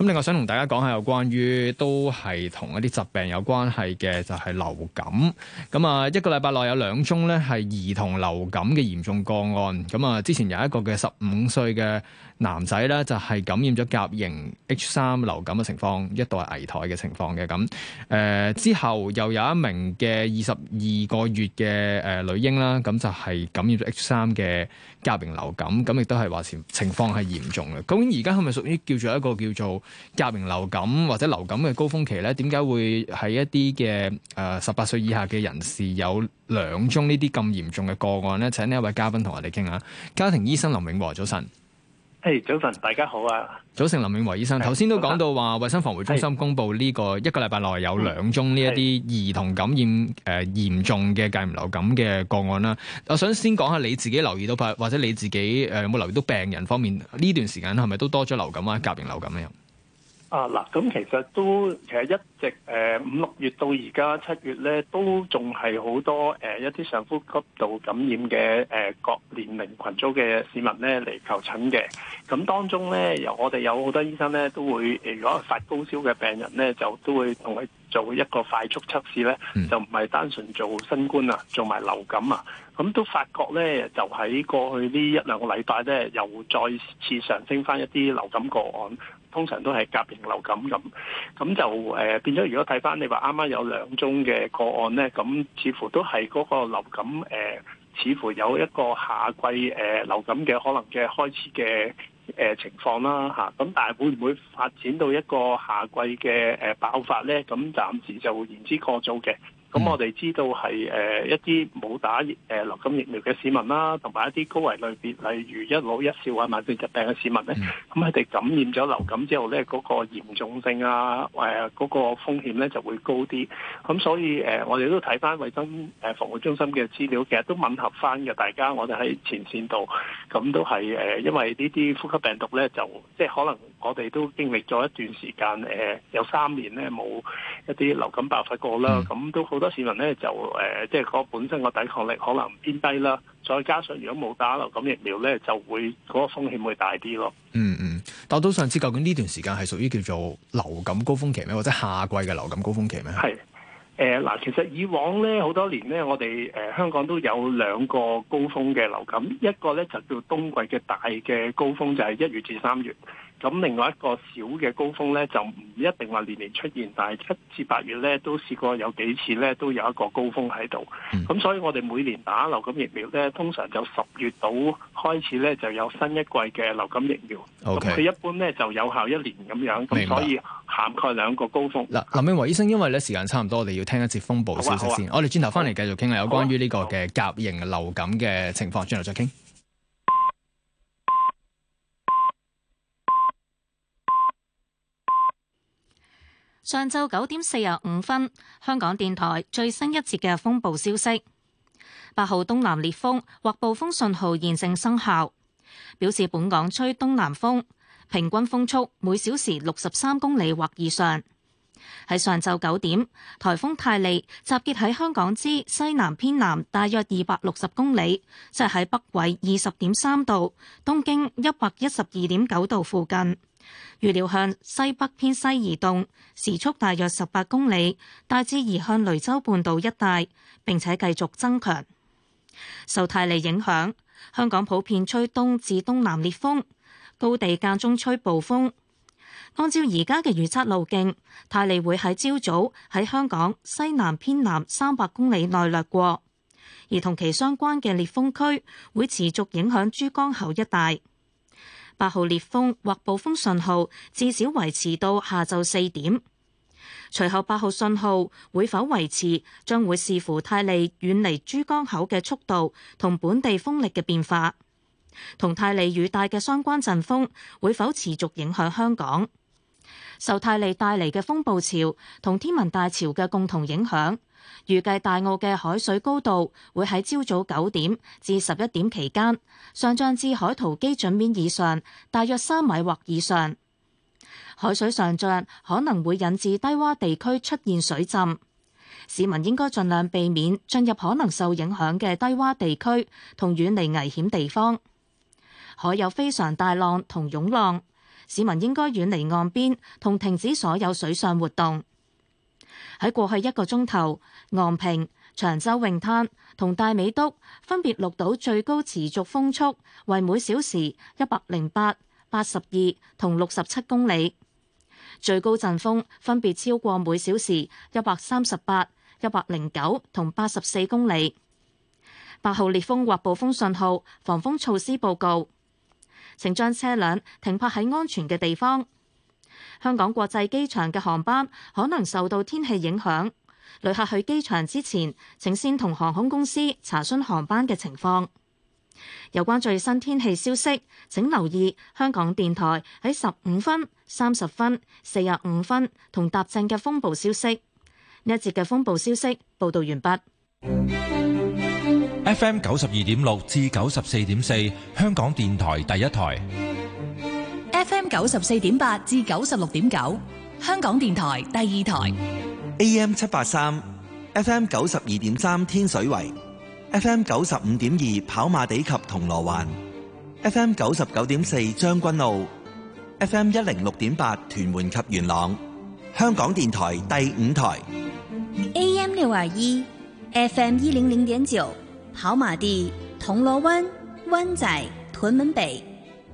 咁另外想同大家講下，有關於都係同一啲疾病有關係嘅，就係、是、流感。咁啊，一個禮拜內有兩宗咧，係兒童流感嘅嚴重個案。咁啊，之前有一個嘅十五歲嘅男仔咧，就係、是、感染咗甲型 H 三流感嘅情況，一度係危殆嘅情況嘅。咁誒、呃、之後又有一名嘅二十二個月嘅誒女嬰啦，咁就係感染咗 H 三嘅甲型流感，咁亦都係話情情況係嚴重嘅。咁而家係咪屬於叫做一個叫做？甲型流感或者流感嘅高峰期咧，點解會喺一啲嘅誒十八歲以下嘅人士有兩宗呢啲咁嚴重嘅個案咧？請呢一位嘉賓同我哋傾下。家庭醫生林永和早晨，誒、hey，早晨，大家好啊。早晨，林永和醫生，頭先都講到話，衛生防護中心公布呢個一個禮拜內有兩宗呢一啲兒童感染誒嚴重嘅甲型流感嘅個案啦。嗯、我想先講下你自己留意到，或者你自己誒有冇留意到病人方面呢段時間係咪都多咗流感啊？甲型流感啊？啊嗱，咁其實都其實一直誒五六月到而家七月咧，都仲係好多誒、呃、一啲上呼吸道感染嘅誒、呃、各年齡群組嘅市民咧嚟求診嘅。咁當中咧，由我哋有好多醫生咧都會誒，如果發高燒嘅病人咧，就都會同佢做一個快速測試咧，嗯、就唔係單純做新冠啊，做埋流感啊。咁都發覺咧，就喺過去一兩呢一兩個禮拜咧，又再次上升翻一啲流感個案。通常都係甲型流感咁，咁就誒、呃、變咗。如果睇翻你話啱啱有兩宗嘅個案呢，咁似乎都係嗰個流感誒、呃，似乎有一個夏季誒、呃、流感嘅可能嘅開始嘅誒、呃、情況啦嚇。咁、啊、但係會唔會發展到一個夏季嘅誒、呃、爆發呢？咁暫時就言之過早嘅。咁我哋知道係誒一啲冇打誒流感疫苗嘅市民啦，同埋一啲高危類別，例如一老一少啊、慢性疾病嘅市民咧，咁佢哋感染咗流感之後咧，嗰個嚴重性啊、誒嗰個風險咧就會高啲。咁所以誒，我哋都睇翻衞生誒防護中心嘅資料，其實都吻合翻嘅。大家我哋喺前線度，咁都係誒，因為呢啲呼吸病毒咧，就即係可能。我哋都經歷咗一段時間，誒、呃、有三年咧冇一啲流感爆發過啦，咁、嗯、都好多市民咧就誒、呃，即係個本身個抵抗力可能偏低啦，再加上如果冇打流感疫苗咧，就會嗰、那個風險會大啲咯。嗯嗯，但我都想知究竟呢段時間係屬於叫做流感高峰期咩？或者夏季嘅流感高峰期咩？係誒，嗱，其實以往咧好多年咧，我哋誒香港都有兩個高峰嘅流感，一個咧就叫冬季嘅大嘅高峰，就係、是、一月至三月。咁另外一個小嘅高峰咧，就唔一定話年年出現，但係七至八月咧都試過有幾次咧，都有一個高峰喺度。咁、嗯、所以我哋每年打流感疫苗咧，通常就十月到開始咧就有新一季嘅流感疫苗。咁佢 Okay. 一般咧就有效一年咁樣，咁可白以涵蓋兩個高峰。嗱，林永和醫生，因為咧時間差唔多，我哋要聽一節風暴消息先。啊啊、我哋轉頭翻嚟繼續傾下有關於呢個嘅甲型流感嘅情況，轉頭、啊啊、再傾。上晝九點四十五分，香港電台最新一節嘅風暴消息：八號東南烈風或暴風信號現正生效，表示本港吹東南風，平均風速每小時六十三公里或以上。喺上晝九點，台風泰利集結喺香港之西南偏南大約二百六十公里，即係喺北緯二十點三度、東經一百一十二點九度附近。預料向西北偏西移動，時速大約十八公里，大致移向雷州半島一帶，並且繼續增強。受泰利影響，香港普遍吹東至東南烈風，高地間中吹暴風。按照而家嘅預測路徑，泰利會喺朝早喺香港西南偏南三百公里內掠過，而同其相關嘅烈風區會持續影響珠江口一帶。八號烈風或暴風信號至少維持到下晝四點，隨後八號信號會否維持，將會視乎泰利遠離珠江口嘅速度同本地風力嘅變化，同泰利雨帶嘅相關陣風會否持續影響香港，受泰利帶嚟嘅風暴潮同天文大潮嘅共同影響。預計大澳嘅海水高度會喺朝早九點至十一點期間上漲至海圖基準面以上，大約三米或以上。海水上漲可能會引致低窪地區出現水浸，市民應該盡量避免進入可能受影響嘅低窪地區同遠離危險地方。海有非常大浪同湧浪，市民應該遠離岸邊同停止所有水上活動。喺過去一個鐘頭，昂坪、長洲泳灘同大美督分別錄到最高持續風速為每小時一百零八、八十二同六十七公里，最高陣風分別超過每小時一百三十八、一百零九同八十四公里。八號烈風或暴風信號，防風措施報告。請將車輛停泊喺安全嘅地方。香港國際機場嘅航班可能受到天氣影響，旅客去機場之前請先同航空公司查詢航班嘅情況。有關最新天氣消息，請留意香港電台喺十五分、三十分、四十五分同踏正嘅風暴消息。呢一節嘅風暴消息報導完畢。 F.M. 九十二點六至九十四點四，香港電台第一台。FM 九十四點八至九十六點九，香港電台第二台。AM 七八三，FM 九十二點三天水圍，FM 九十五點二跑馬地及銅鑼灣，FM 九十九點四將軍澳，FM 一零六點八屯門及元朗，香港電台第五台。AM 六二一，FM 一零零點九跑馬地、銅鑼灣、灣仔、屯門北。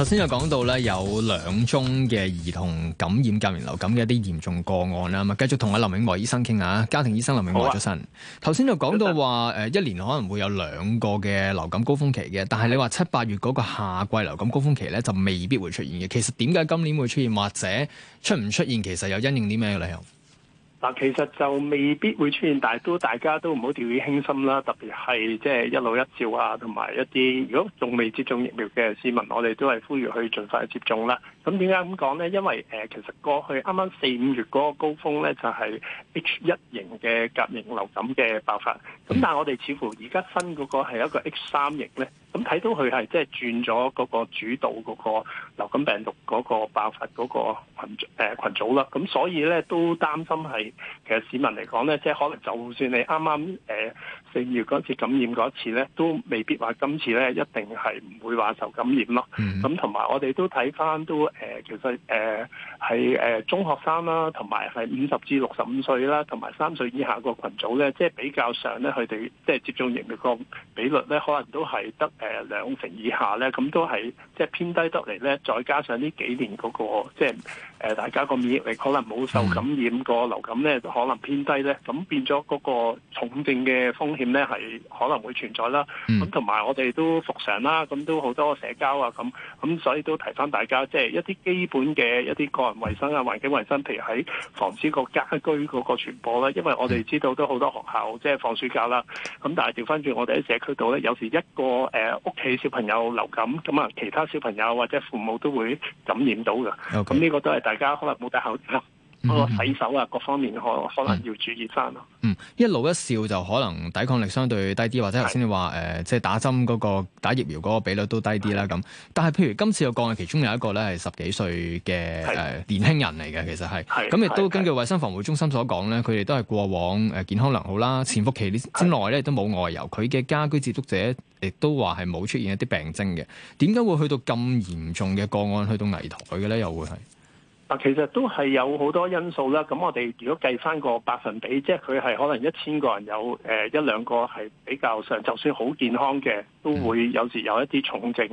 頭先就講到咧有兩宗嘅兒童感染甲型流感嘅一啲嚴重個案啦，咁啊繼續同阿林永和醫生傾下，家庭醫生林永和早晨。頭先就講到話，誒一年可能會有兩個嘅流感高峰期嘅，但係你話七八月嗰個夏季流感高峰期咧就未必會出現嘅。其實點解今年會出現，或者出唔出現，其實有因應啲咩嘅理由？嗱，其實就未必會出現，但係都大家都唔好掉以輕心啦。特別係即係一路一照啊，同埋一啲如果仲未接種疫苗嘅市民，我哋都係呼籲去盡快接種啦。咁點解咁講呢？因為誒、呃，其實過去啱啱四五月嗰個高峰呢，就係、是、H 一型嘅甲型流感嘅爆發。咁但係我哋似乎而家新嗰個係一個 H 三型呢。咁睇到佢係即係轉咗嗰個主導嗰個流感病毒嗰個爆發嗰個群誒、呃、群組啦，咁所以咧都擔心係其實市民嚟講咧，即、就、係、是、可能就算你啱啱誒、呃四月嗰次感染嗰一次咧，都未必話今次咧一定係唔會話受感染咯。咁同埋我哋都睇翻都誒、呃，其實誒係誒中學生啦，同埋係五十至六十五歲啦，同埋三歲以下個群組咧，即、就、係、是、比較上咧，佢哋即係接種疫苗個比率咧，可能都係得誒兩、呃、成以下咧，咁都係即係偏低得嚟咧。再加上呢幾年嗰、那個即係。就是誒，大家個免疫力可能冇受感染，個流感咧可能偏低咧，咁變咗嗰個重症嘅風險咧係可能會存在啦。咁同埋我哋都復常啦，咁都好多社交啊，咁咁所以都提返大家即係一啲基本嘅一啲個人衞生啊、環境衞生，譬如喺防止個家居嗰個傳播啦。因為我哋知道都好多學校即係放暑假啦，咁但係調返轉我哋喺社區度咧，有時一個誒屋企小朋友流感，咁啊其他小朋友或者父母都會感染到㗎。咁呢個都係第。大家可能冇戴口罩，嗰個、嗯嗯、洗手啊，各方面可可能要注意翻咯。嗯，一老一少就可能抵抗力相對低啲，或者頭先你話誒，即係打針嗰、嗰個打疫苗嗰個比率都低啲啦。咁是，但係譬如今次個個案，其中有一個咧係十幾歲嘅誒年輕人嚟嘅，其實係咁亦都根據衛生防護中心所講咧，佢哋是都係過往誒健康良好啦，潛伏期之之內咧都冇外遊，佢嘅家居接觸者亦都話係冇出現一啲病徵嘅。點解會去到咁嚴重嘅個案去到危殆嘅咧？又會係？嗱，其實都係有好多因素啦。咁我哋如果計翻個百分比，即係佢係可能一千個人有誒一兩個係比較上，就算好健康嘅。都會有時有一啲重症，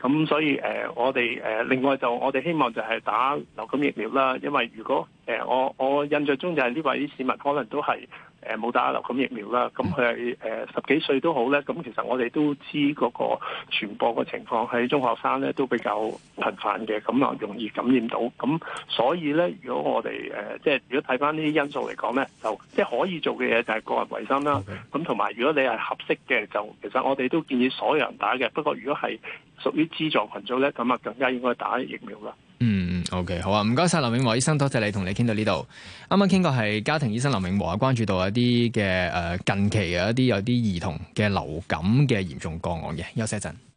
咁所以誒、呃，我哋誒另外就我哋希望就係打流感疫苗啦，因為如果誒、呃、我我印象中就係呢位市民可能都係誒冇打流感疫苗啦，咁佢係誒十幾歲都好咧，咁其實我哋都知嗰個傳播嘅情況喺中學生咧都比較頻繁嘅，咁啊容易感染到，咁所以咧如果我哋誒、呃、即係如果睇返呢啲因素嚟講咧，就即係可以做嘅嘢就係個人衞生啦，咁同埋如果你係合適嘅，就其實我哋都建議。所有人打嘅，不過如果係屬於資助群組咧，咁啊更加應該打疫苗啦。嗯，OK，好啊，唔該晒。林永和醫生，多謝你同你傾到呢度。啱啱傾過係家庭醫生林永和關注到一啲嘅誒近期嘅一啲有啲兒童嘅流感嘅嚴重個案嘅，休息一陣。